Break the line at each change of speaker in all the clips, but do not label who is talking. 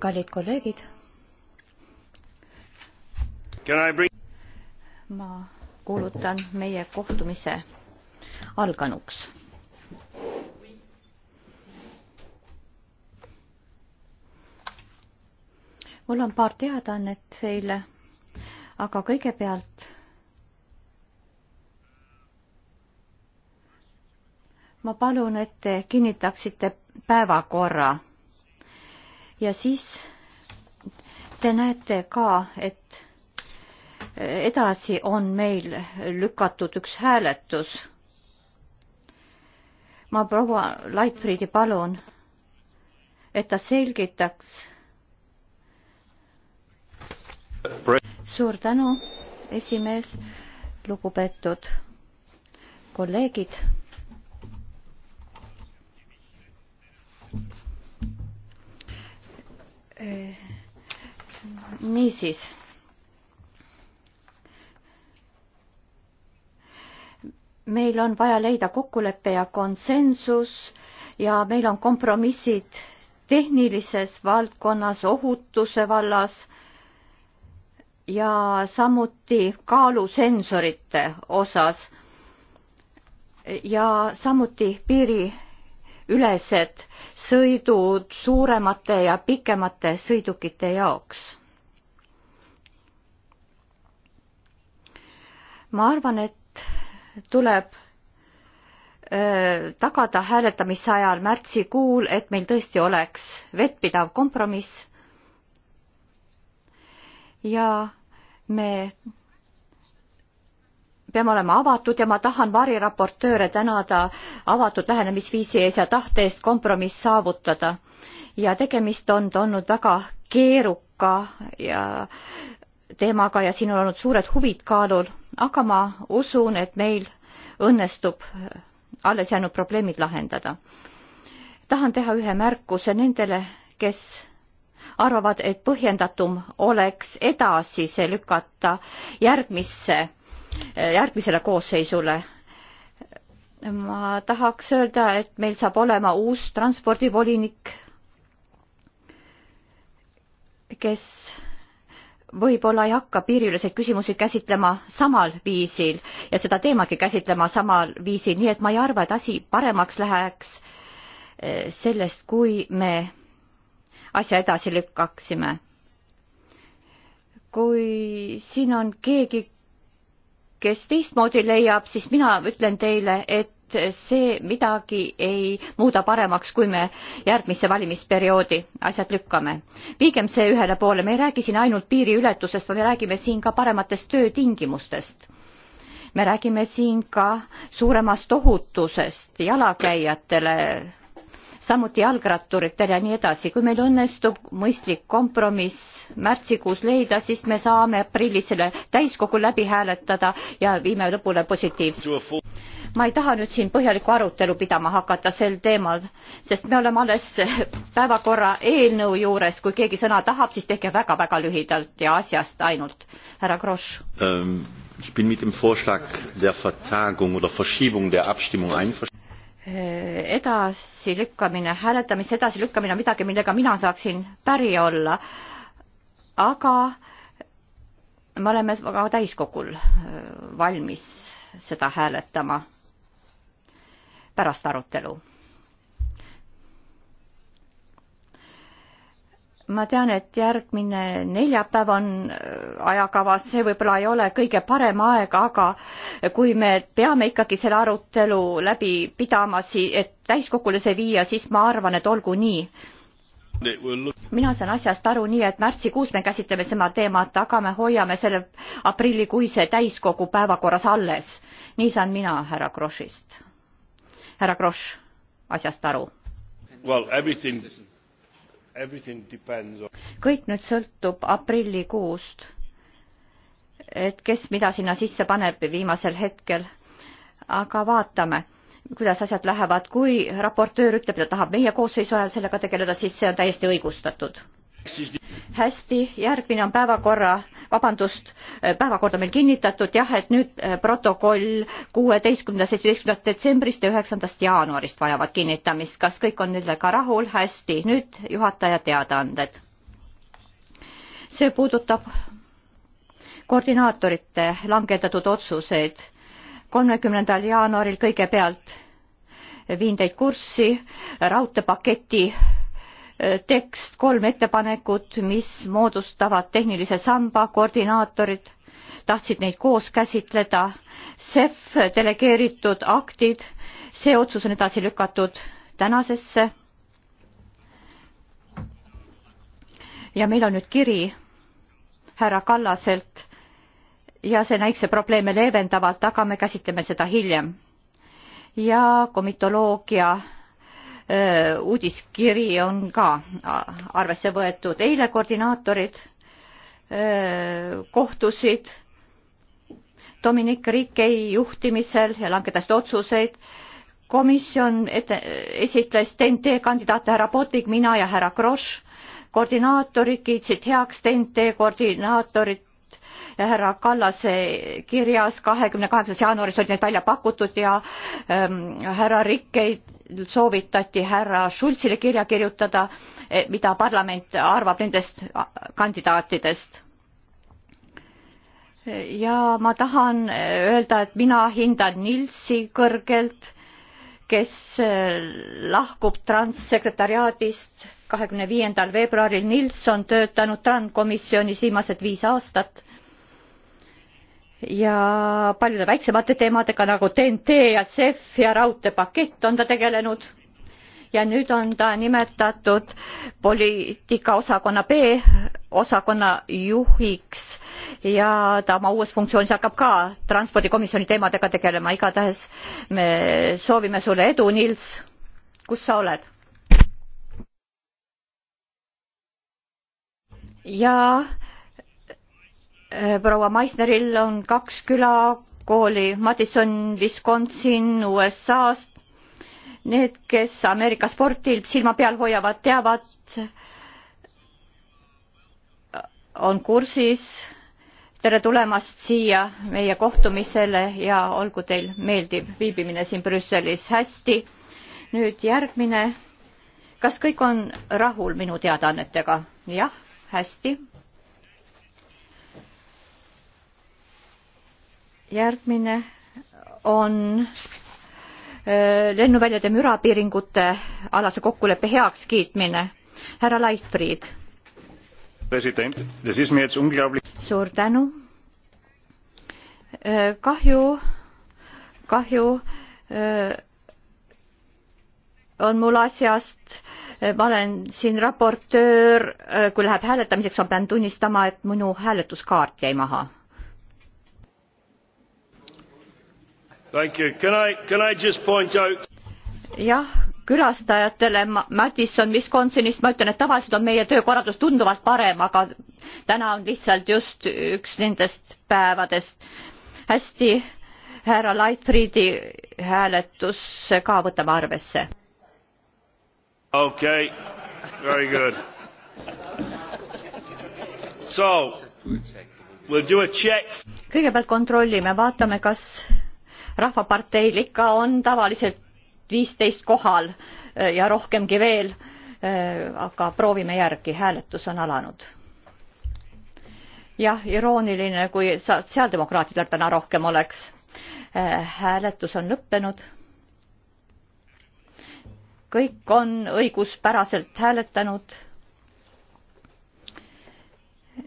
kallid kolleegid. ma kuulutan meie kohtumise alganuks. mul on paar teadaannet teile, aga kõigepealt ma palun, et te kinnitaksite päevakorra ja siis te näete ka, et edasi on meil lükatud üks hääletus. ma proua Leitfriedi palun, et ta selgitaks. suur tänu, esimees, lugupeetud kolleegid Äh, niisiis. meil on vaja leida kokkulepe ja konsensus ja meil on kompromissid tehnilises valdkonnas, ohutuse vallas ja samuti kaalusensorite osas ja samuti piiri ülesed sõidud suuremate ja pikemate sõidukite jaoks. ma arvan, et tuleb äh, tagada hääletamise ajal märtsikuul, et meil tõesti oleks vettpidav kompromiss. ja me peame olema avatud ja ma tahan variraportööre tänada avatud lähenemisviisi ees ja tahte eest kompromiss saavutada. ja tegemist on olnud väga keeruka ja teemaga ja siin on olnud suured huvid kaalul, aga ma usun, et meil õnnestub alles jäänud probleemid lahendada. tahan teha ühe märkuse nendele, kes arvavad, et põhjendatum oleks edasi see lükata järgmisse järgmisele koosseisule. ma tahaks öelda, et meil saab olema uus transpordivolinik, kes võib-olla ei hakka piiriüleseid küsimusi käsitlema samal viisil ja seda teematki käsitlema samal viisil, nii et ma ei arva, et asi paremaks läheks eh, sellest, kui me asja edasi lükkaksime. kui siin on keegi, kes teistmoodi leiab, siis mina ütlen teile, et see midagi ei muuda paremaks, kui me järgmisse valimisperioodi asjad lükkame. viigem see ühele poole, me ei räägi siin ainult piiriületusest, vaid me räägime siin ka parematest töötingimustest. me räägime siin ka suuremast ohutusest jalakäijatele samuti jalgratturitele ja nii edasi. kui meil õnnestub mõistlik kompromiss märtsikuus leida, siis me saame aprillis selle täiskogul läbi hääletada ja viime lõpule positiivse. ma ei taha nüüd siin põhjalikku arutelu pidama hakata sel teemal, sest me oleme alles päevakorra eelnõu juures, kui keegi sõna tahab, siis tehke väga-väga lühidalt ja asjast ainult. härra Grosch
ähm. Ich bin mit dem Vorschlag der Vertagung oder Verschiebung der Abstimmung einverstanden
edasilükkamine, hääletamise edasilükkamine on midagi, millega mina saaksin päri olla. aga me oleme ka täiskogul äh, valmis seda hääletama pärast arutelu ma tean, et järgmine neljapäev on äh, ajakavas, see võib-olla ei ole kõige parem aeg, aga kui me peame ikkagi selle arutelu läbi pidama, et täiskogule see viia, siis ma arvan, et olgu nii. mina saan asjast aru nii, et märtsikuus me käsitleme seda teemat, aga me hoiame selle aprillikuise täiskogu päevakorras alles. nii saan mina härra Krossist, härra Kross asjast aru.
Well, everything
kõik nüüd sõltub aprillikuust, et kes mida sinna sisse paneb viimasel hetkel. aga vaatame, kuidas asjad lähevad, kui raportöör ütleb, et ta tahab meie koosseisu ajal sellega tegeleda, siis see on täiesti õigustatud hästi, järgmine on päevakorra, vabandust, äh, päevakord on meil kinnitatud jah, et nüüd äh, protokoll kuueteistkümnenda, seitsmeteistkümnendast detsembrist ja üheksandast jaanuarist vajavad kinnitamist. kas kõik on nendega rahul? hästi, nüüd juhataja teadaanded. see puudutab koordinaatorite langetatud otsuseid. kolmekümnendal jaanuaril kõigepealt viin teid kurssi raudteepaketi tekst, kolm ettepanekut, mis moodustavad tehnilise samba koordinaatorid, tahtsid neid koos käsitleda, CEF delegeeritud aktid, see otsus on edasi lükatud tänasesse. ja meil on nüüd kiri härra Kallaselt ja see näikse probleeme leevendavalt, aga me käsitleme seda hiljem. ja komitoloogia Äh, uudiskiri on ka arvesse võetud. eile koordinaatorid äh, kohtusid Dominic Riikei juhtimisel ja langetasid otsuseid. komisjon ette, esitles TNT kandidaate härra Potik, mina ja härra Kross. koordinaatorid kiitsid heaks TNT koordinaatorid härra Kallase kirjas kahekümne kaheksas jaanuaris olid need välja pakutud ja ähm, härra Rikkeid soovitati härra Schulzile kirja kirjutada, eh, mida parlament arvab nendest kandidaatidest. ja ma tahan eh, öelda, et mina hindan Nilsi kõrgelt, kes eh, lahkub transsekretariaadist kahekümne viiendal veebruaril. Nils on töötanud TRAN komisjonis viimased viis aastat ja paljude väiksemate teemadega nagu TNT ja CEF ja raudteepakett on ta tegelenud. ja nüüd on ta nimetatud poliitikaosakonna B osakonna juhiks ja ta oma uues funktsioonis hakkab ka transpordikomisjoni teemadega tegelema. igatahes me soovime sulle edu, Nils. kus sa oled? ja Äh, proua Meissneril on kaks külakooli Madison Wisconsin USA-st. Need, kes Ameerika sportil silma peal hoiavad, teavad, on kursis. tere tulemast siia meie kohtumisele ja olgu teil meeldiv viibimine siin Brüsselis. hästi, nüüd järgmine. kas kõik on rahul minu teadaannetega? jah, hästi järgmine on äh, lennuväljade mürapiiringute alase kokkuleppe heakskiitmine. härra Leitfried. suur tänu. Äh, kahju, kahju äh, on mul asjast ma olen siin raportöör, kui läheb hääletamiseks, ma pean tunnistama, et minu hääletuskaart jäi maha jah, külastajatele Madison Wisconsinist ma ütlen, et tavaliselt on meie töökorraldus tunduvalt parem, aga täna on lihtsalt just üks nendest päevadest. hästi, härra Lightfriedi hääletus ka võtame arvesse.
okei okay., very good. So, we'll do a check.
kõigepealt kontrollime, vaatame, kas rahvaparteil ikka on tavaliselt viisteist kohal eh, ja rohkemgi veel. Eh, aga proovime järgi, hääletus on alanud. jah, irooniline, kui sotsiaaldemokraatidel täna rohkem oleks. Eh, hääletus on lõppenud. kõik on õiguspäraselt hääletanud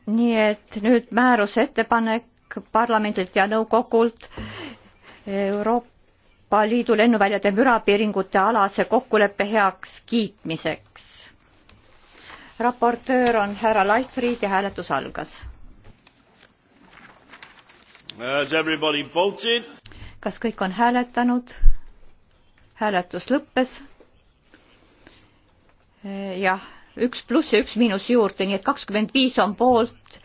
nii et nüüd määruse ettepanek parlamendilt ja nõukogult Euroopa Liidu lennuväljade mürapiiringute alase kokkuleppe heakskiitmiseks. raportöör on härra Leifrid ja hääletus algas. kas kõik on hääletanud? hääletus lõppes. jah, üks pluss ja üks miinus juurde, nii et kakskümmend viis on poolt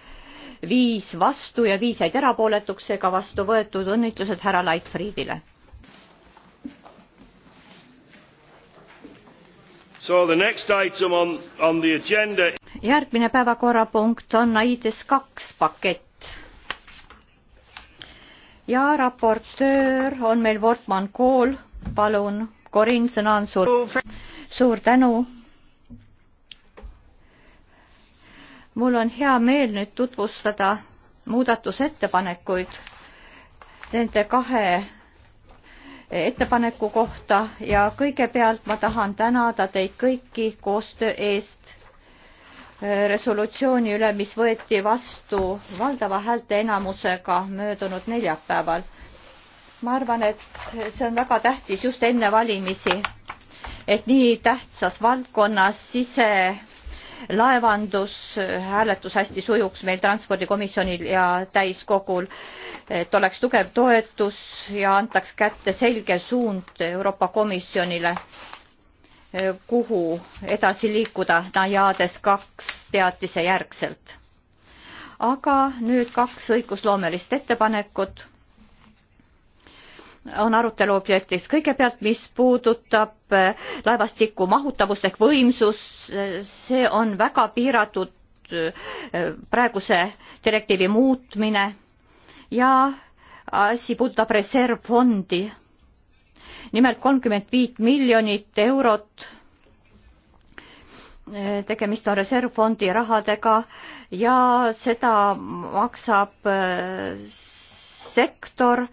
viis vastu ja viis jäid erapooletuks, seega vastu võetud õnnitlused härra Leitfriedile.
So the next item on, on the agenda.
järgmine päevakorrapunkt on AIDS kaks pakett ja raportöör on meil Wortmann Kool, palun, Corin, sõna on sul. suur tänu mul on hea meel nüüd tutvustada muudatusettepanekuid nende kahe ettepaneku kohta ja kõigepealt ma tahan tänada teid kõiki koostöö eest resolutsiooni üle, mis võeti vastu valdava häälteenamusega möödunud neljapäeval. ma arvan, et see on väga tähtis just enne valimisi, et nii tähtsas valdkonnas sise laevandushääletus hästi sujuks meil transpordikomisjonil ja täiskogul, et oleks tugev toetus ja antaks kätte selge suund Euroopa Komisjonile, kuhu edasi liikuda Najades kaks teatise järgselt. aga nüüd kaks õigusloomelist ettepanekut on arutelu objektiks. kõigepealt, mis puudutab eh, laevastiku mahutavust ehk võimsus, eh, see on väga piiratud eh, praeguse direktiivi muutmine ja asi puudutab reservfondi. nimelt kolmkümmend viit miljonit eurot. tegemist on reservfondi rahadega ja seda maksab sektor äh,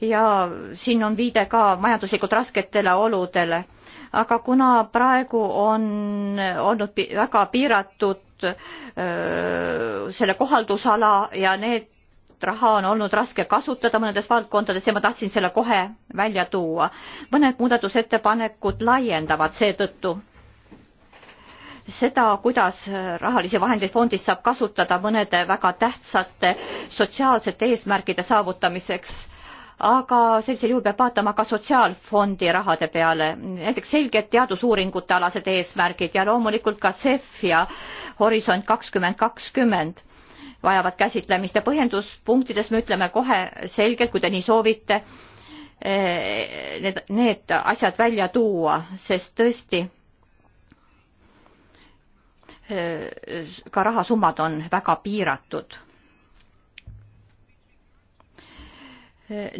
ja siin on viide ka majanduslikult rasketele oludele. aga kuna praegu on olnud pi väga piiratud öö, selle kohaldusala ja need raha on olnud raske kasutada mõnedes valdkondades ja ma tahtsin selle kohe välja tuua. mõned muudatusettepanekud laiendavad seetõttu seda, kuidas rahalisi vahendeid fondis saab kasutada mõnede väga tähtsate sotsiaalsete eesmärkide saavutamiseks aga sellisel juhul peab vaatama ka sotsiaalfondi rahade peale, näiteks selged teadusuuringute alased eesmärgid ja loomulikult ka CEF ja Horisont kakskümmend kakskümmend vajavad käsitlemist ja põhjenduspunktides me ütleme kohe selgelt, kui te nii soovite, eh, need, need asjad välja tuua, sest tõesti eh, ka rahasummad on väga piiratud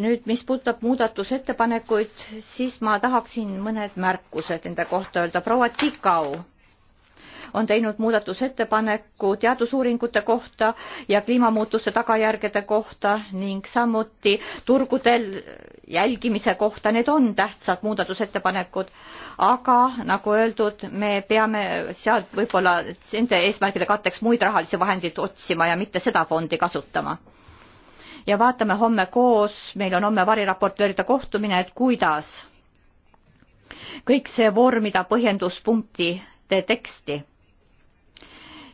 nüüd, mis puudutab muudatusettepanekuid, siis ma tahaksin mõned märkused enda kohta öelda. proua Tikau on teinud muudatusettepaneku teadusuuringute kohta ja kliimamuutuste tagajärgede kohta ning samuti turgudel jälgimise kohta. Need on tähtsad muudatusettepanekud, aga nagu öeldud, me peame sealt võib-olla nende eesmärkide katteks muid rahalisi vahendeid otsima ja mitte seda fondi kasutama ja vaatame homme koos, meil on homme variraportööride kohtumine, et kuidas kõik see vormida põhjenduspunktide teksti.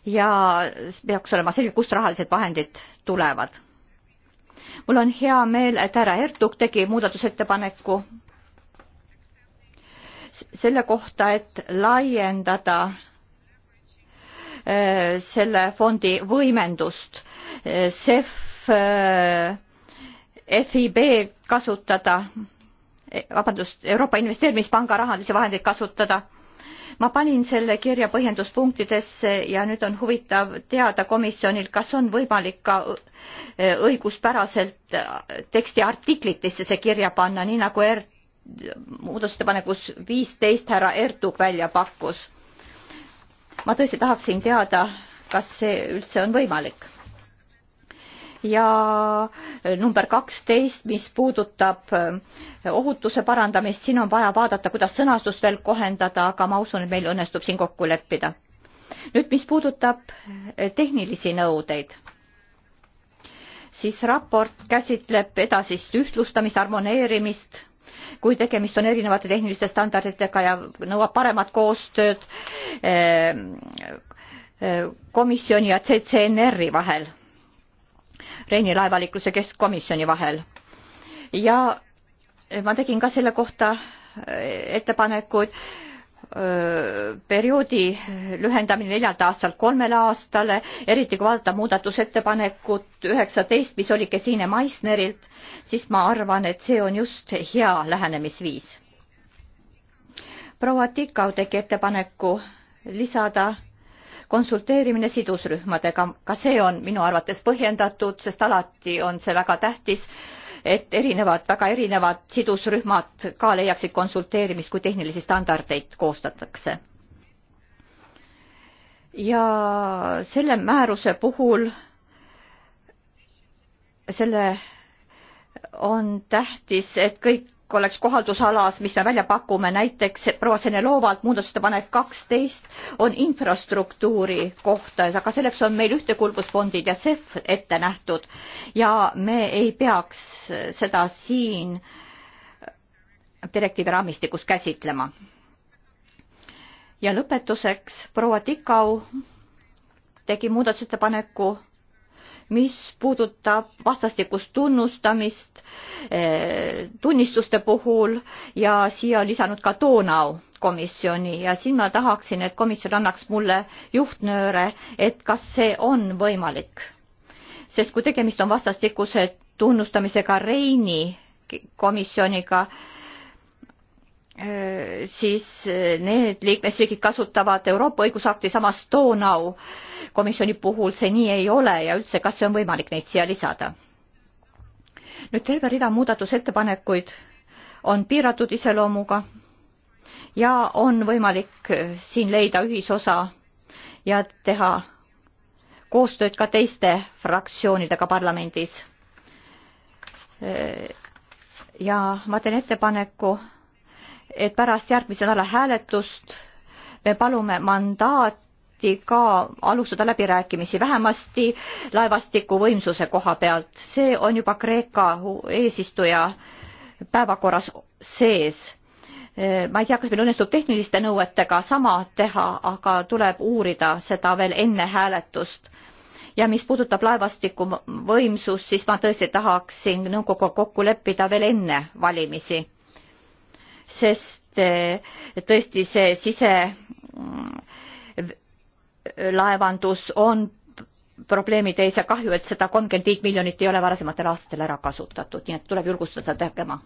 ja peaks olema selge, kust rahalised vahendid tulevad. mul on hea meel, et härra Ertug tegi muudatusettepaneku selle kohta, et laiendada äh, selle fondi võimendust äh, SEF Äh, FIB kasutada, vabandust, Euroopa Investeerimispanga rahalisi vahendeid kasutada. ma panin selle kirja põhjenduspunktidesse ja nüüd on huvitav teada komisjonil, kas on võimalik ka äh, õiguspäraselt äh, teksti artiklitesse see kirja panna, nii nagu ERT muudatusettepanekus viisteist härra Ertug välja pakkus. ma tõesti tahaksin teada, kas see üldse on võimalik ja number kaksteist, mis puudutab äh, ohutuse parandamist, siin on vaja vaadata, kuidas sõnastust veel kohendada, aga ma usun, et meil õnnestub siin kokku leppida. nüüd, mis puudutab äh, tehnilisi nõudeid, siis raport käsitleb edasist ühtlustamist, harmoneerimist, kui tegemist on erinevate tehniliste standarditega ja nõuab paremat koostööd äh, komisjoni ja CCNR-i vahel Reini laevaliikluse keskkomisjoni vahel. ja ma tegin ka selle kohta äh, ettepanekuid äh, perioodi lühendamine neljalt aastalt kolmele aastale, eriti kui vaadata muudatusettepanekut üheksateist, mis oli Gesine Meissnerilt, siis ma arvan, et see on just hea lähenemisviis. proua Tikau tegi ettepaneku lisada konsulteerimine sidusrühmadega, ka see on minu arvates põhjendatud, sest alati on see väga tähtis, et erinevad, väga erinevad sidusrühmad ka leiaksid konsulteerimist, kui tehnilisi standardeid koostatakse. ja selle määruse puhul selle on tähtis, et kõik oleks kohaldusalas, mis me välja pakume, näiteks proua Senelovalt muudatusettepanek kaksteist on infrastruktuuri kohta, aga selleks on meil ühtekuuluvusfondid ja CEF ette nähtud ja me ei peaks seda siin direktiivi raamistikus käsitlema. ja lõpetuseks proua Tikau tegi muudatusettepaneku mis puudutab vastastikust tunnustamist eh, tunnistuste puhul ja siia lisanud ka Donau komisjoni ja siin ma tahaksin, et komisjon annaks mulle juhtnööre, et kas see on võimalik. sest kui tegemist on vastastikuse tunnustamisega Reini komisjoniga, Äh, siis äh, need liikmesriigid kasutavad Euroopa õigusakti, samas Donau komisjoni puhul see nii ei ole ja üldse, kas see on võimalik neid siia lisada? nüüd terve rida muudatusettepanekuid on piiratud iseloomuga ja on võimalik äh, siin leida ühisosa ja teha koostööd ka teiste fraktsioonidega parlamendis. ja ma teen ettepaneku et pärast järgmise nädala hääletust me palume mandaati ka alustada läbirääkimisi vähemasti laevastiku võimsuse koha pealt. see on juba Kreeka eesistuja päevakorras sees. ma ei tea, kas meil õnnestub tehniliste nõuetega sama teha, aga tuleb uurida seda veel enne hääletust ja mis puudutab laevastiku võimsust, siis ma tõesti tahaksin nõukoguga kokku leppida veel enne valimisi sest eh, tõesti see siselaevandus mm, on probleemide ees ja kahju, et seda kolmkümmend viit miljonit ei ole varasematel aastatel ära kasutatud, nii et tuleb julgustada seda tegema.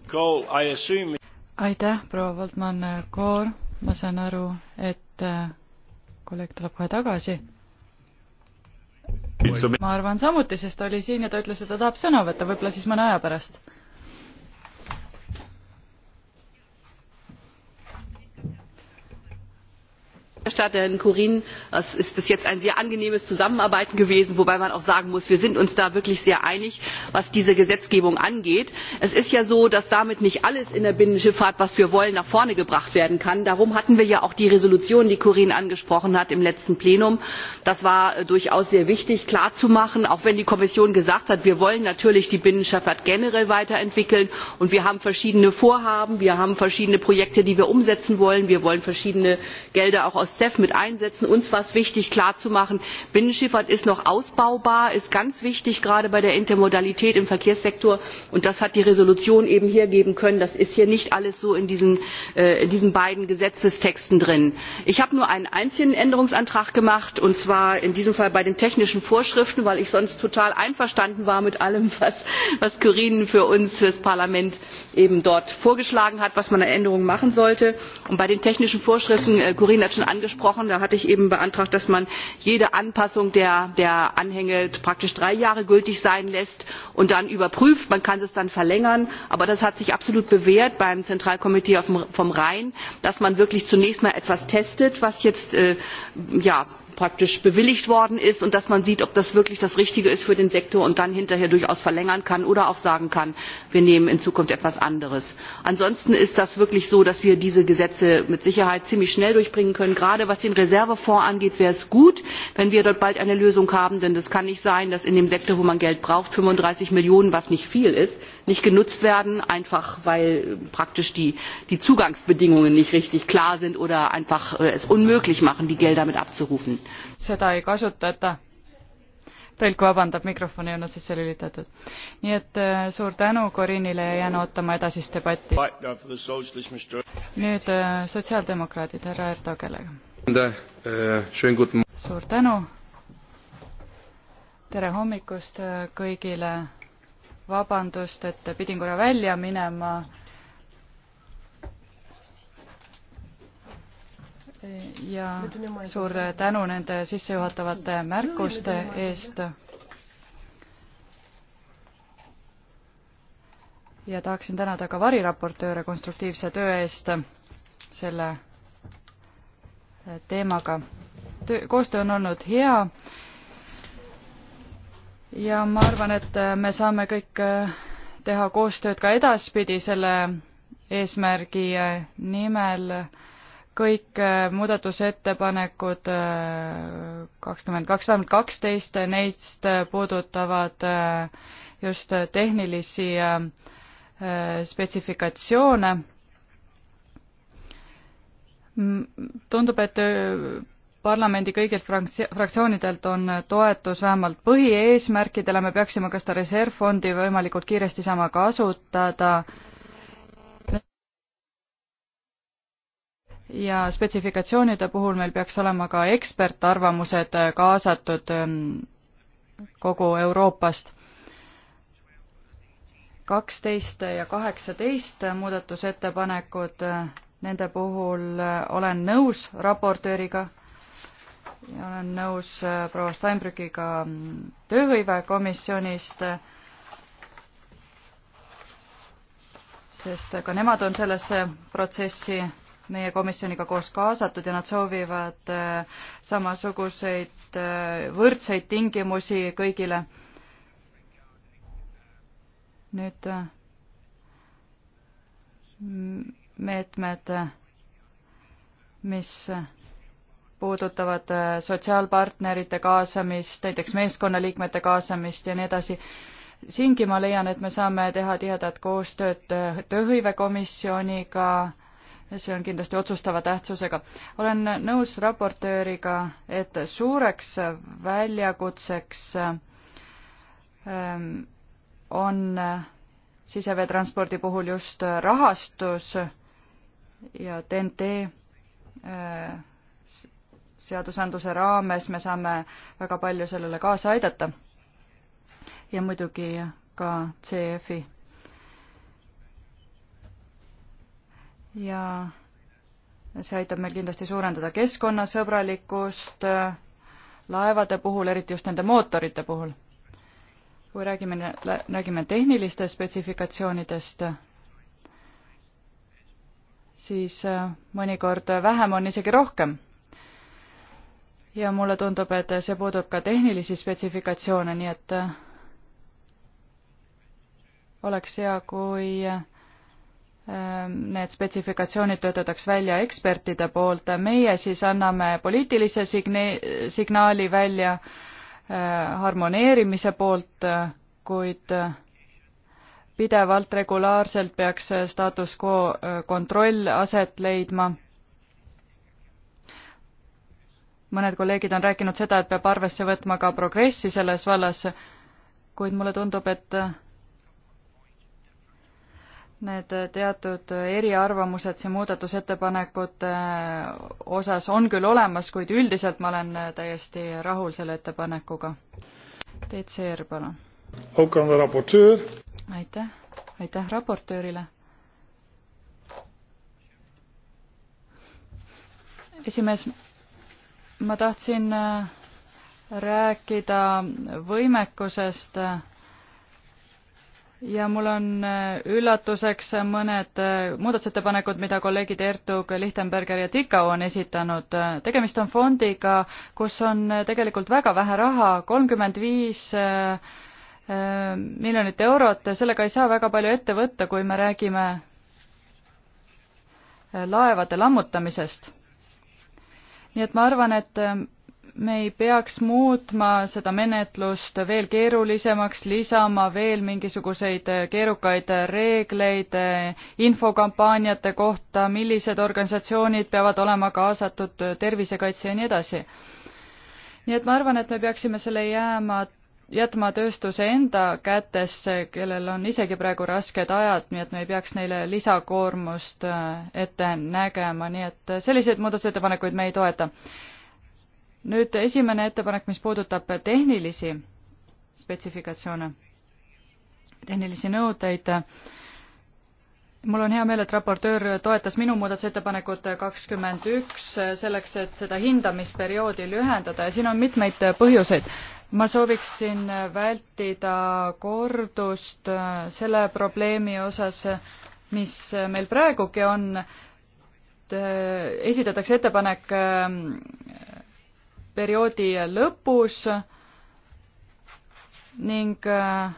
aitäh, proua Voldman, Koor, ma saan aru,
et eh, kolleeg tuleb kohe tagasi. ma arvan samuti, sest ta oli siin ja ta ütles, et ta tahab sõna võtta, võib-olla siis mõne aja pärast
berichterstatterin corinne es ist bis jetzt ein sehr angenehmes zusammenarbeiten gewesen wobei man auch sagen muss wir sind uns da wirklich sehr einig was diese gesetzgebung angeht. es ist ja so dass damit nicht alles in der binnenschifffahrt was wir wollen nach vorne gebracht werden kann. darum hatten wir ja auch die entschließung die corinne angesprochen hat im letzten plenum. das war äh, durchaus sehr wichtig klarzumachen auch wenn die kommission gesagt hat wir wollen natürlich die binnenschifffahrt generell weiterentwickeln und wir haben verschiedene vorhaben wir haben verschiedene projekte die wir umsetzen wollen wir wollen verschiedene gelder auch cef mit einsetzen. uns war es wichtig klarzumachen binnenschifffahrt ist noch ausbaubar ist ganz wichtig gerade bei der intermodalität im verkehrssektor und das hat die entschließung eben hergeben können. das ist hier nicht alles so in diesen, äh, in diesen beiden gesetzestexten drin. ich habe nur einen einzigen änderungsantrag gemacht und zwar in diesem fall bei den technischen vorschriften weil ich sonst total einverstanden war mit allem was, was corinne für uns für das parlament eben dort vorgeschlagen hat was man an änderungen machen sollte. und bei den technischen vorschriften äh, corinne hat schon gesprochen da hatte ich eben beantragt dass man jede anpassung der, der anhänge praktisch drei jahre gültig sein lässt und dann überprüft man kann es dann verlängern aber das hat sich absolut bewährt beim zentralkomitee vom rhein dass man wirklich zunächst mal etwas testet was jetzt äh, ja, praktisch bewilligt worden ist und dass man sieht ob das wirklich das richtige ist für den sektor und dann hinterher durchaus verlängern kann oder auch sagen kann wir nehmen in zukunft etwas anderes. ansonsten ist das wirklich so dass wir diese gesetze mit sicherheit ziemlich schnell durchbringen können. gerade was den reservefonds angeht wäre es gut wenn wir dort bald eine lösung haben denn es kann nicht sein dass in dem sektor wo man geld braucht fünfunddreißig millionen was nicht viel ist nicht genutzt werden einfach weil äh, praktisch die, die zugangsbedingungen nicht richtig klar sind oder einfach äh, es unmöglich machen die gelder mit abzurufen seda ei kasutata. tõlk
vabandab, mikrofon ei olnud sisse lülitatud. nii et äh, suur tänu Korinile ja jään ootama edasist debatti. nüüd äh, sotsiaaldemokraadid, härra Ertogele.
Äh, suur
tänu. tere hommikust kõigile. vabandust, et pidin korra välja minema ja suur tänu nende sissejuhatavate märkuste eest. ja tahaksin tänada ka variraportööre konstruktiivse töö eest selle äh, teemaga. töö, koostöö on olnud hea ja ma arvan, et äh, me saame kõik äh, teha koostööd ka edaspidi selle eesmärgi nimel äh, kõik äh, muudatusettepanekud äh, kakskümmend kaks, vähemalt kaksteist neist äh, puudutavad just tehnilisi spetsifikatsioone. tundub, et parlamendi kõigilt fraktsioonidelt on toetus vähemalt põhieesmärkidele, me peaksime ka seda reservfondi võimalikult kiiresti saama kasutada ka ja spetsifikatsioonide puhul meil peaks olema ka ekspertarvamused kaasatud ähm, kogu Euroopast. kaksteist ja kaheksateist muudatusettepanekud, äh, nende puhul äh, olen nõus raportööriga ja olen nõus äh, proua Steinbrückiga ähm, tööhõivekomisjonist, sest ka nemad on sellesse protsessi meie komisjoniga koos kaasatud ja nad soovivad äh, samasuguseid äh, võrdseid tingimusi kõigile. nüüd äh, meetmed, mis puudutavad sotsiaalpartnerite kaasamist, näiteks meeskonnaliikmete kaasamist ja nii edasi siingi ma leian, et me saame teha tihedat koostööd tööhõivekomisjoniga, see on kindlasti otsustava tähtsusega. olen nõus raportööriga, et suureks väljakutseks ähm, on siseveetranspordi puhul just rahastus ja TNT äh, seadusandluse raames me saame väga palju sellele kaasa aidata. ja muidugi ka CF-i ja see aitab meil kindlasti suurendada keskkonnasõbralikkust äh, laevade puhul, eriti just nende mootorite puhul. kui räägime, räägime tehnilistest spetsifikatsioonidest, siis äh, mõnikord vähem on isegi rohkem. ja mulle tundub, et see puudub ka tehnilisi spetsifikatsioone, nii et äh, oleks hea, kui Ehm, need spetsifikatsioonid töötatakse välja ekspertide poolt, meie siis anname poliitilise signi-, signaali välja ehm, harmoneerimise poolt, kuid pidevalt, regulaarselt peaks status quo ehm, kontroll aset leidma. mõned kolleegid on rääkinud seda, et peab arvesse võtma ka progressi selles vallas, kuid mulle tundub, et need teatud eriarvamused siin muudatusettepanekute osas on küll olemas, kuid üldiselt ma olen täiesti rahul selle ettepanekuga. Teet Seer, palun. aitäh, aitäh raportöörile. esimees, ma tahtsin äh, rääkida võimekusest äh, ja mul on äh, üllatuseks mõned äh, muudatusettepanekud, mida kolleegid Ertug, Lichtenberger ja Tikau on esitanud. Äh, tegemist on fondiga, kus on tegelikult väga vähe raha, kolmkümmend viis miljonit eurot, sellega ei saa väga palju ette võtta, kui me räägime laevade lammutamisest. nii et ma arvan, et me ei peaks muutma seda menetlust veel keerulisemaks, lisama veel mingisuguseid keerukaid reegleid infokampaaniate kohta, millised organisatsioonid peavad olema kaasatud, tervisekaitse ja nii edasi. nii et ma arvan, et me peaksime selle jääma, jätma tööstuse enda kätesse, kellel on isegi praegu rasked ajad, nii et me ei peaks neile lisakoormust ette nägema, nii et selliseid muudatusettepanekuid me ei toeta nüüd esimene ettepanek, mis puudutab tehnilisi spetsifikatsioone, tehnilisi nõudeid. mul on hea meel, et raportöör toetas minu muudatusettepanekut kakskümmend üks selleks, et seda hindamisperioodi lühendada ja siin on mitmeid põhjuseid. ma sooviksin vältida kordust selle probleemi osas, mis meil praegugi on, esitatakse ettepanek perioodi lõpus ning äh,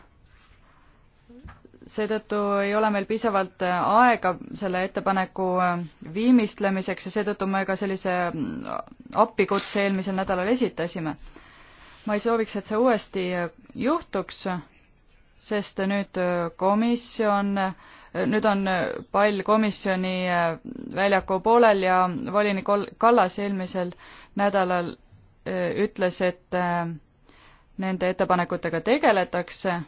seetõttu ei ole meil piisavalt äh, aega selle ettepaneku äh, viimistlemiseks ja seetõttu me ka sellise mm, appikutse eelmisel nädalal esitasime. ma ei sooviks, et see uuesti juhtuks, sest nüüd komisjon, nüüd on pall komisjoni väljaku poolel ja volinik Kallas eelmisel nädalal ütles, et äh, nende ettepanekutega tegeletakse,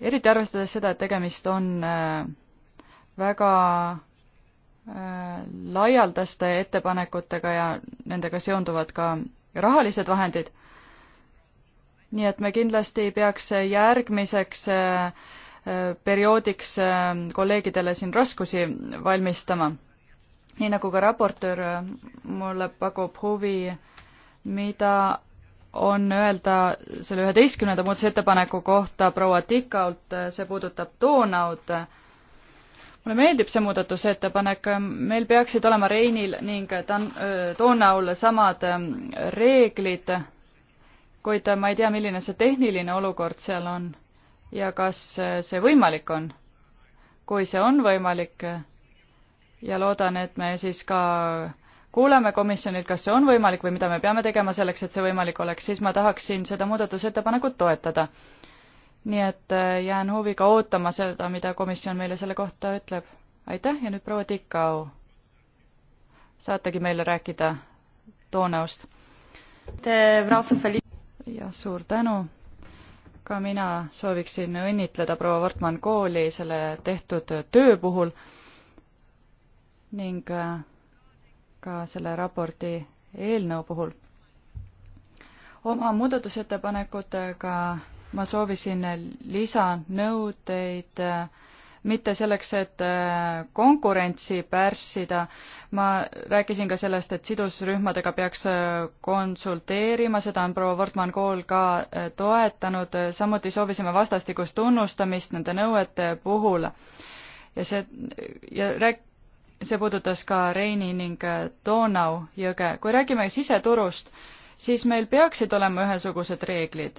eriti arvestades seda, et tegemist on äh, väga äh, laialdaste ettepanekutega ja nendega seonduvad ka rahalised vahendid. nii et me kindlasti peaks järgmiseks perioodiks kolleegidele siin raskusi valmistama. nii nagu ka raportöör mulle pakub huvi äh, mida on öelda selle üheteistkümnenda muudatusettepaneku kohta proua Tikault, see puudutab Donaud. mulle meeldib see muudatusettepanek, meil peaksid olema Reinil ning Dan-, Donaul samad ähm, reeglid, kuid ma ei tea, milline see tehniline olukord seal on ja kas see võimalik on. kui see on võimalik ja loodan, et me siis ka kuuleme komisjonilt, kas see on võimalik või mida me peame tegema selleks, et see võimalik oleks, siis ma tahaksin seda muudatusettepanekut toetada. nii et äh, jään huviga ootama seda, mida komisjon meile selle kohta ütleb. aitäh ja nüüd proua Tikau. saategi meile rääkida Tooneost. jah, suur tänu. ka mina sooviksin õnnitleda proua Wortmann kooli selle tehtud töö puhul ning äh, ka selle raporti eelnõu puhul. oma muudatusettepanekutega ma soovisin lisanõudeid mitte selleks, et äh, konkurentsi pärssida, ma rääkisin ka sellest, et sidusrühmadega peaks äh, konsulteerima, seda on proua Wortmann Kool ka äh, toetanud, samuti soovisime vastastikust tunnustamist nende nõuete puhul. ja see, ja rääk-, see puudutas ka Reini ning äh, Donau jõge. kui räägime siseturust, siis meil peaksid olema ühesugused reeglid.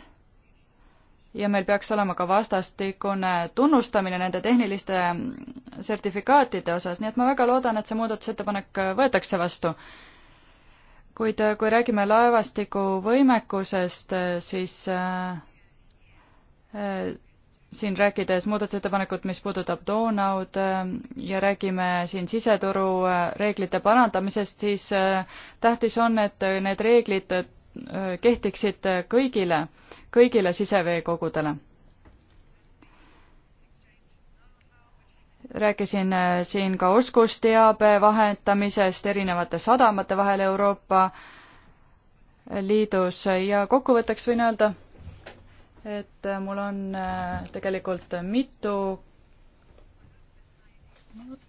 ja meil peaks olema ka vastastikune tunnustamine nende tehniliste mm, sertifikaatide osas, nii et ma väga loodan, et see muudatusettepanek äh, võetakse vastu. kuid äh, kui räägime laevastiku võimekusest, siis äh, siin rääkides muudatusettepanekut, mis puudutab Donaud äh, ja räägime siin siseturu äh, reeglite parandamisest, siis äh, tähtis on, et need reeglid kehtiksid kõigile, kõigile siseveekogudele. rääkisin siin ka oskusteabe vahetamisest erinevate sadamate vahel Euroopa Liidus ja kokkuvõtteks võin öelda, et mul on äh, tegelikult mitu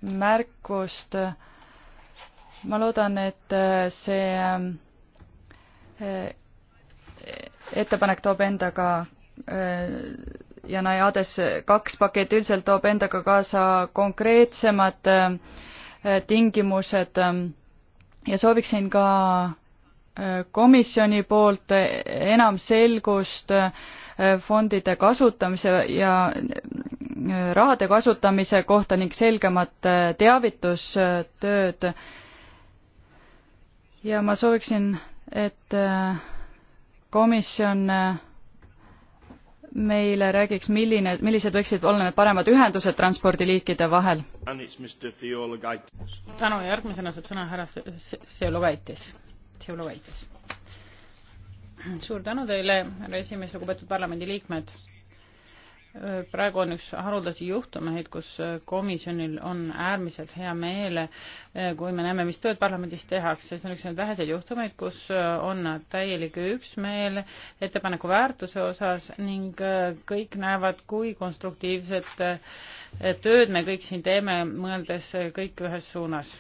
märkust. ma loodan, et äh, see äh, ettepanek toob endaga ja Naiades kaks pakett üldiselt toob endaga kaasa konkreetsemad tingimused ja sooviksin ka komisjoni poolt enam selgust äh, fondide kasutamise ja äh, rahade kasutamise kohta ning selgemat äh, teavitustööd. ja ma sooviksin, et äh, komisjon meile räägiks, milline, millised võiksid olla need paremad ühendused transpordiliikide vahel.
tänu, järgmisena saab sõna härra Seologaitis, Seologaitis suur tänu teile, härra esimees, lugupeetud parlamendiliikmed. praegu on üks haruldasi juhtumeid, kus komisjonil on äärmiselt hea meel, kui me näeme, mis tööd parlamendis tehakse, see on üks neid väheseid juhtumeid, kus on täielik üksmeel ettepaneku väärtuse osas ning kõik näevad, kui konstruktiivset tööd me kõik siin teeme, mõeldes kõik ühes suunas.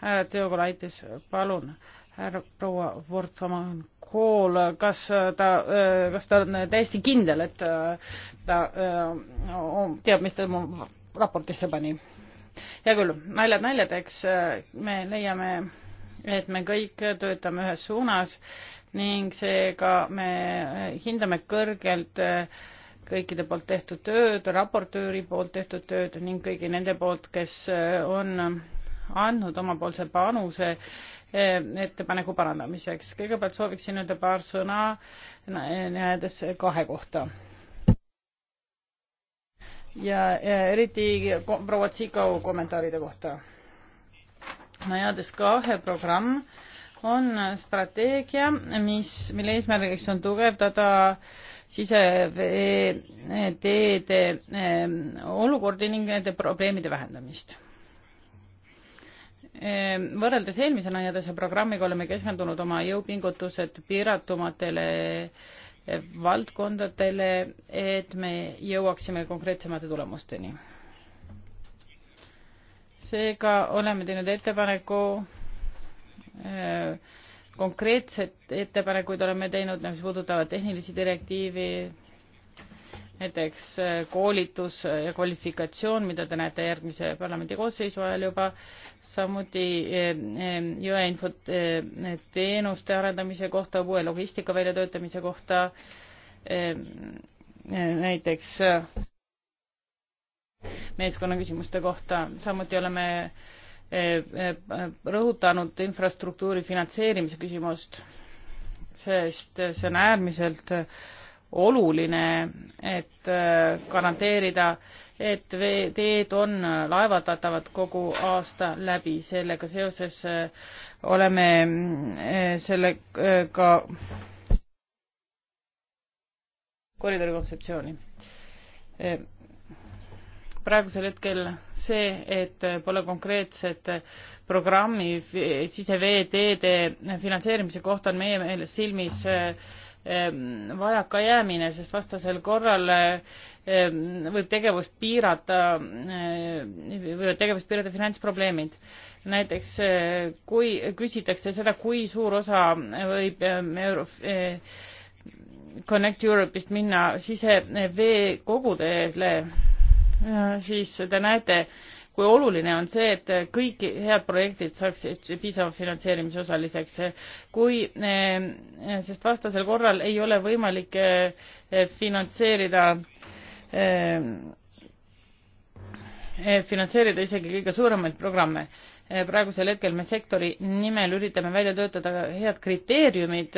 härra Teogolaitis, palun härra proua Vortsaman Kool, kas ta, äh, kas ta on täiesti kindel, et äh, ta äh, no, teab, mis ta mu raportisse pani? hea küll, naljad naljadeks, me leiame, et me kõik töötame ühes suunas ning seega me hindame kõrgelt kõikide poolt tehtud tööd, raportööri poolt tehtud tööd ning kõigi nende poolt, kes on andnud omapoolse panuse Eh, ettepaneku parandamiseks. kõigepealt sooviksin öelda paar sõna nendes kahe kohta. ja eriti proua Tsikau kommentaaride kohta. Najades kahe programm on strateegia, mis, mille eesmärgiks on tugevdada siseveeteede e-, olukordi ning nende probleemide vähendamist Ehm, võrreldes eelmise Naljatese programmiga oleme keskendunud oma jõupingutused piiratumatele eh, valdkondadele, et me jõuaksime konkreetsemate tulemusteni. seega oleme teinud ettepaneku eh, konkreetseid ettepanekuid oleme teinud, mis puudutavad tehnilisi direktiivi, näiteks äh, koolitus äh, ja kvalifikatsioon, mida te näete järgmise parlamendi koosseisu ajal juba, samuti äh, jõeinfo teenuste arendamise kohta, uue logistika väljatöötamise kohta, näiteks meeskonnaküsimuste kohta, samuti oleme rõhutanud infrastruktuuri finantseerimise küsimust, sest see on äärmiselt äh, oluline, et äh, garanteerida, et teed on laevatatavad kogu aasta läbi. sellega seoses äh, oleme äh, sellega koridori kontseptsiooni. praegusel hetkel see, et pole konkreetset programmi siseveeteede finantseerimise kohta, on meie meelest silmis äh, Ehm, vajakajäämine, sest vastasel korral ehm, võib tegevust piirata, ehm, võivad tegevust piirata finantsprobleemid. näiteks kui küsitakse seda, kui suur osa võib euro, Connect Europe'ist minna siseveekogudele, siis te näete, kui oluline on see, et kõik head projektid saaksid piisava finantseerimise osaliseks. kui, eh, sest vastasel korral ei ole võimalik eh, finantseerida eh, finantseerida isegi kõige suuremaid programme. praegusel hetkel me sektori nimel üritame välja töötada head kriteeriumid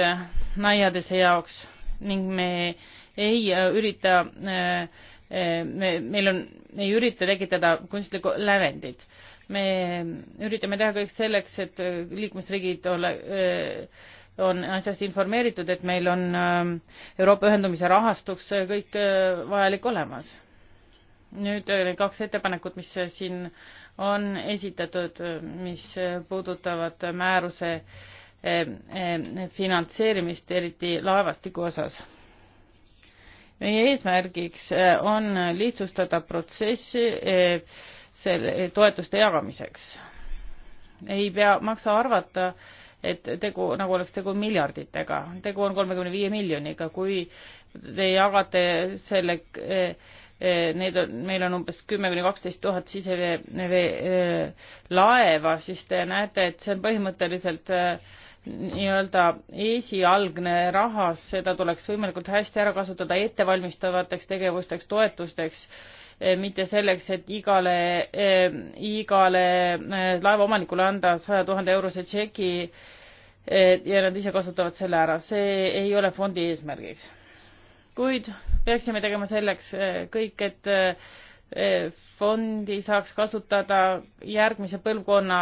naiadese jaoks ning me ei ürita äh, Ehm, me, meil on, me ei ürita tekitada kunstlikku lävendit. me üritame teha kõik selleks, et äh, liikmesriigid ole, äh, on asjast informeeritud, et meil on ähm, Euroopa ühendamise rahastuks äh, kõik vajalik olemas. nüüd need kaks ettepanekut, mis siin on esitatud, mis puudutavad määruse finantseerimist, eriti laevastiku osas meie eesmärgiks äh, on lihtsustada protsessi äh, selle äh, toetuste jagamiseks. ei pea, maksa arvata, et tegu, nagu oleks tegu miljarditega, tegu on kolmekümne viie miljoniga, kui te jagate selle, need on, meil on umbes kümme kuni kaksteist tuhat siseveelaeva, siis te näete, et see on põhimõtteliselt äh, nii-öelda esialgne raha, seda tuleks võimalikult hästi ära kasutada ettevalmistavateks tegevusteks, toetusteks, e, mitte selleks, et igale, e, igale e, laevaomanikule anda saja tuhande eurose tšeki ja nad ise kasutavad selle ära. see ei ole fondi eesmärgiks. kuid peaksime tegema selleks kõik, et fondi saaks kasutada järgmise põlvkonna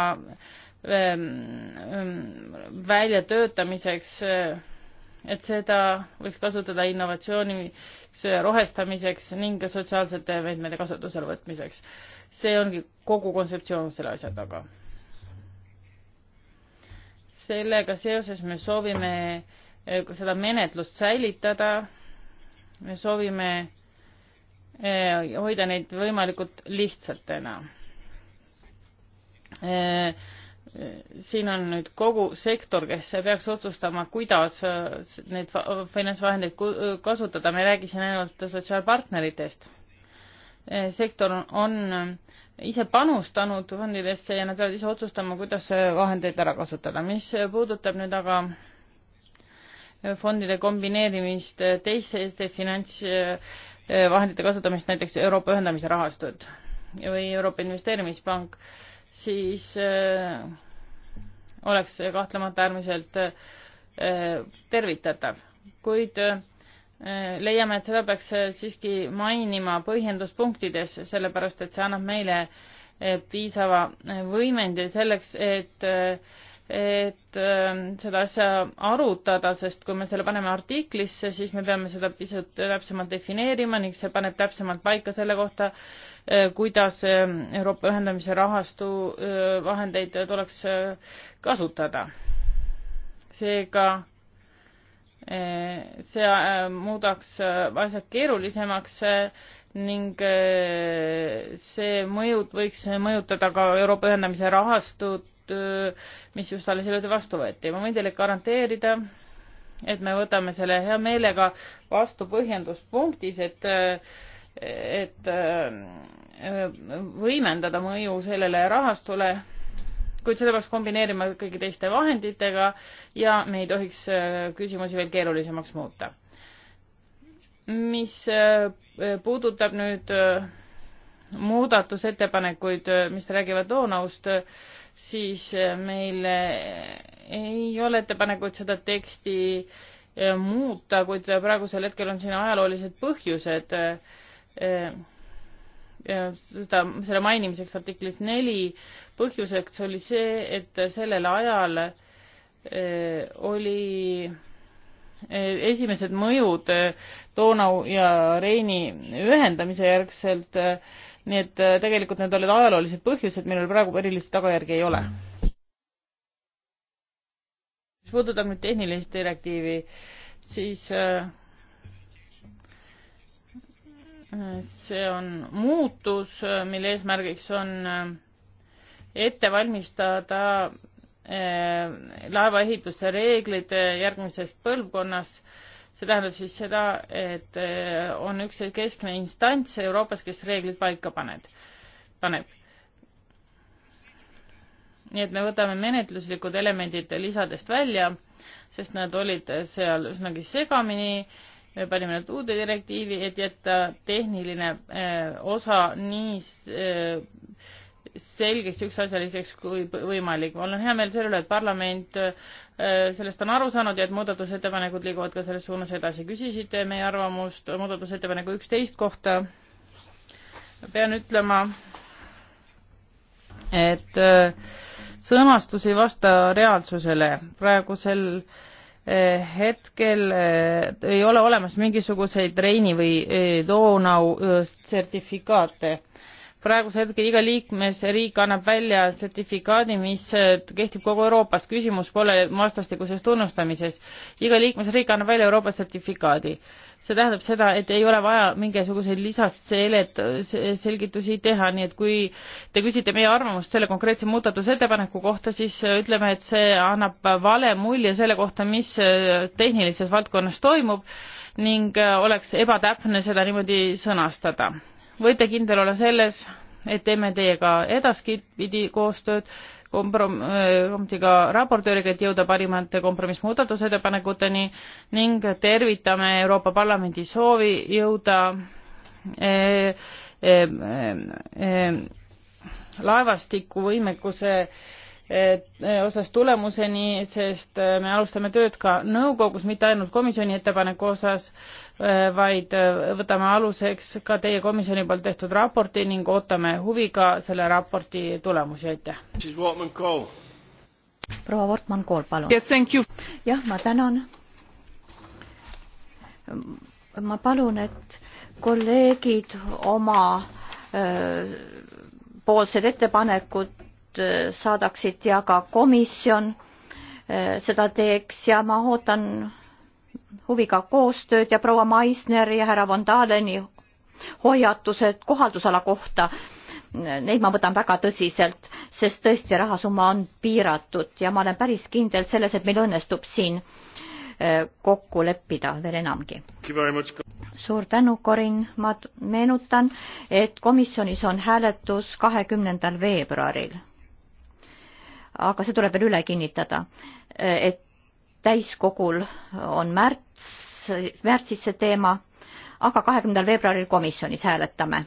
Ähm, ähm, väljatöötamiseks, äh, et seda võiks kasutada innovatsiooniks, äh, rohestamiseks ning sotsiaalsete meetmete kasutusele võtmiseks. see ongi kogu kontseptsioon selle asja taga. sellega seoses me soovime äh, seda menetlust säilitada, me soovime hoida neid võimalikult lihtsatena siin on nüüd kogu sektor, kes peaks otsustama, kuidas äh, neid finantsvahendeid kasutada, me ei räägi siin ainult sotsiaalpartneritest. Äh, sektor on äh, ise panustanud fondidesse ja nad peavad ise otsustama, kuidas vahendeid ära kasutada. mis puudutab nüüd aga fondide kombineerimist teiste finantsvahendite kasutamist, näiteks Euroopa ühendamise rahastud või Euroopa Investeerimispank, siis äh, oleks see kahtlemata äärmiselt äh, tervitatav. kuid äh, leiame, et seda peaks äh, siiski mainima põhjenduspunktides, sellepärast et see annab meile äh, piisava äh, võimendi selleks, et äh, et ähm, seda asja arutada, sest kui me selle paneme artiklisse, siis me peame seda pisut täpsemalt defineerima ning see paneb täpsemalt paika selle kohta, äh, kuidas ähm, Euroopa ühendamise rahastu äh, vahendeid tuleks äh, kasutada. seega see muudaks asjad keerulisemaks ning see mõjud võiks mõjutada ka Euroopa ühendamise rahastut mis just alles hiljuti vastu võeti. ma võin teile garanteerida, et me võtame selle hea meelega vastu põhjenduspunktis, et et võimendada mõju sellele rahastule, kuid seda peaks kombineerima kõigi teiste vahenditega ja me ei tohiks äh, küsimusi veel keerulisemaks muuta. mis äh, puudutab nüüd äh, muudatusettepanekuid, mis räägivad Donaust, siis eh, meil eh, ei ole ettepanekuid seda teksti eh, muuta, kuid praegusel hetkel on siin ajaloolised põhjused seda, selle mainimiseks artiklis neli. põhjuseks oli see, et sellel ajal oli esimesed mõjud Donau ja Reini ühendamise järgselt äh, nii et äh, tegelikult need olid ajaloolised põhjused, millel praegu erilisi tagajärgi ei ole. Mm. mis puudutab nüüd tehnilist direktiivi, siis äh, äh, see on muutus, mille eesmärgiks on ette valmistada laevaehituse reeglid järgmises põlvkonnas see tähendab siis seda, et eh, on üks keskne instants Euroopas, kes reeglid paika paned, paneb. nii et me võtame menetluslikud elemendid lisadest välja, sest nad olid seal üsnagi segamini, me panime nad uude direktiivi, et jätta tehniline eh, osa nii eh, selgeks ja üksteisaliseks kui võimalik. mul on hea meel selle üle, et parlament äh, sellest on aru saanud ja et muudatusettepanekud liiguvad ka selles suunas edasi. küsisite meie arvamust muudatusettepaneku üksteist kohta. pean ütlema, et äh, sõnastus ei vasta reaalsusele. praegusel äh, hetkel ei ole olemas mingisuguseid Reini või Donau sertifikaate praegusel hetkel iga liikmesriik annab välja sertifikaadi, mis äh, kehtib kogu Euroopas, küsimus pole vastastikuses tunnustamises. iga liikmesriik annab välja Euroopa sertifikaadi. see tähendab seda, et ei ole vaja mingisuguseid lisaseled, äh, selgitusi teha, nii et kui te küsite meie arvamust selle konkreetse muudatusettepaneku kohta, siis äh, ütleme, et see annab vale mulje selle kohta, mis tehnilises valdkonnas toimub ning oleks ebatäpne seda niimoodi sõnastada võite kindel olla selles, et teeme teiega edaspidi koostööd kompromissiga raportööriga, et jõuda parimate kompromissmuudatusettepanekuteni ning tervitame Euroopa Parlamendi soovi jõuda eh, eh, eh, eh laevastikuvõimekuse eh, Eh, osas tulemuseni, sest eh, me alustame tööd ka nõukogus, mitte ainult komisjoni ettepaneku osas, eh, vaid võtame aluseks ka teie komisjoni poolt tehtud raporti ning ootame huviga selle raporti tulemusi, aitäh.
proua Wortmann-Kool, palun. jah, ma tänan. ma palun, et kolleegid oma öö, poolsed ettepanekud Äh, saadaksid ja ka komisjon äh, seda teeks ja ma ootan huviga koostööd ja proua Maisner ja härra von Daleni hoiatused kohaldusala kohta, neid ma võtan väga tõsiselt, sest tõesti rahasumma on piiratud ja ma olen päris kindel selles, et meil õnnestub siin äh, kokku leppida veel enamgi. suur tänu, Corin, ma meenutan, et komisjonis on hääletus kahekümnendal veebruaril aga see tuleb veel üle kinnitada, et täiskogul on märts, märtsis see teema, aga kahekümnendal veebruaril komisjonis hääletame.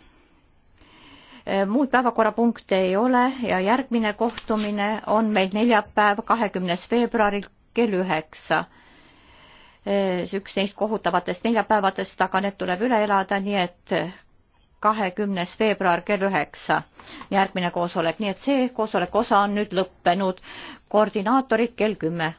muud päevakorrapunkte ei ole ja järgmine kohtumine on meil neljapäev, kahekümnes veebruaril kell üheksa. üks neist kohutavatest neljapäevadest, aga need tuleb üle elada, nii et kahekümnes veebruar kell üheksa, järgmine koosolek, nii et see koosoleku osa on nüüd lõppenud, koordinaatorid kell kümme.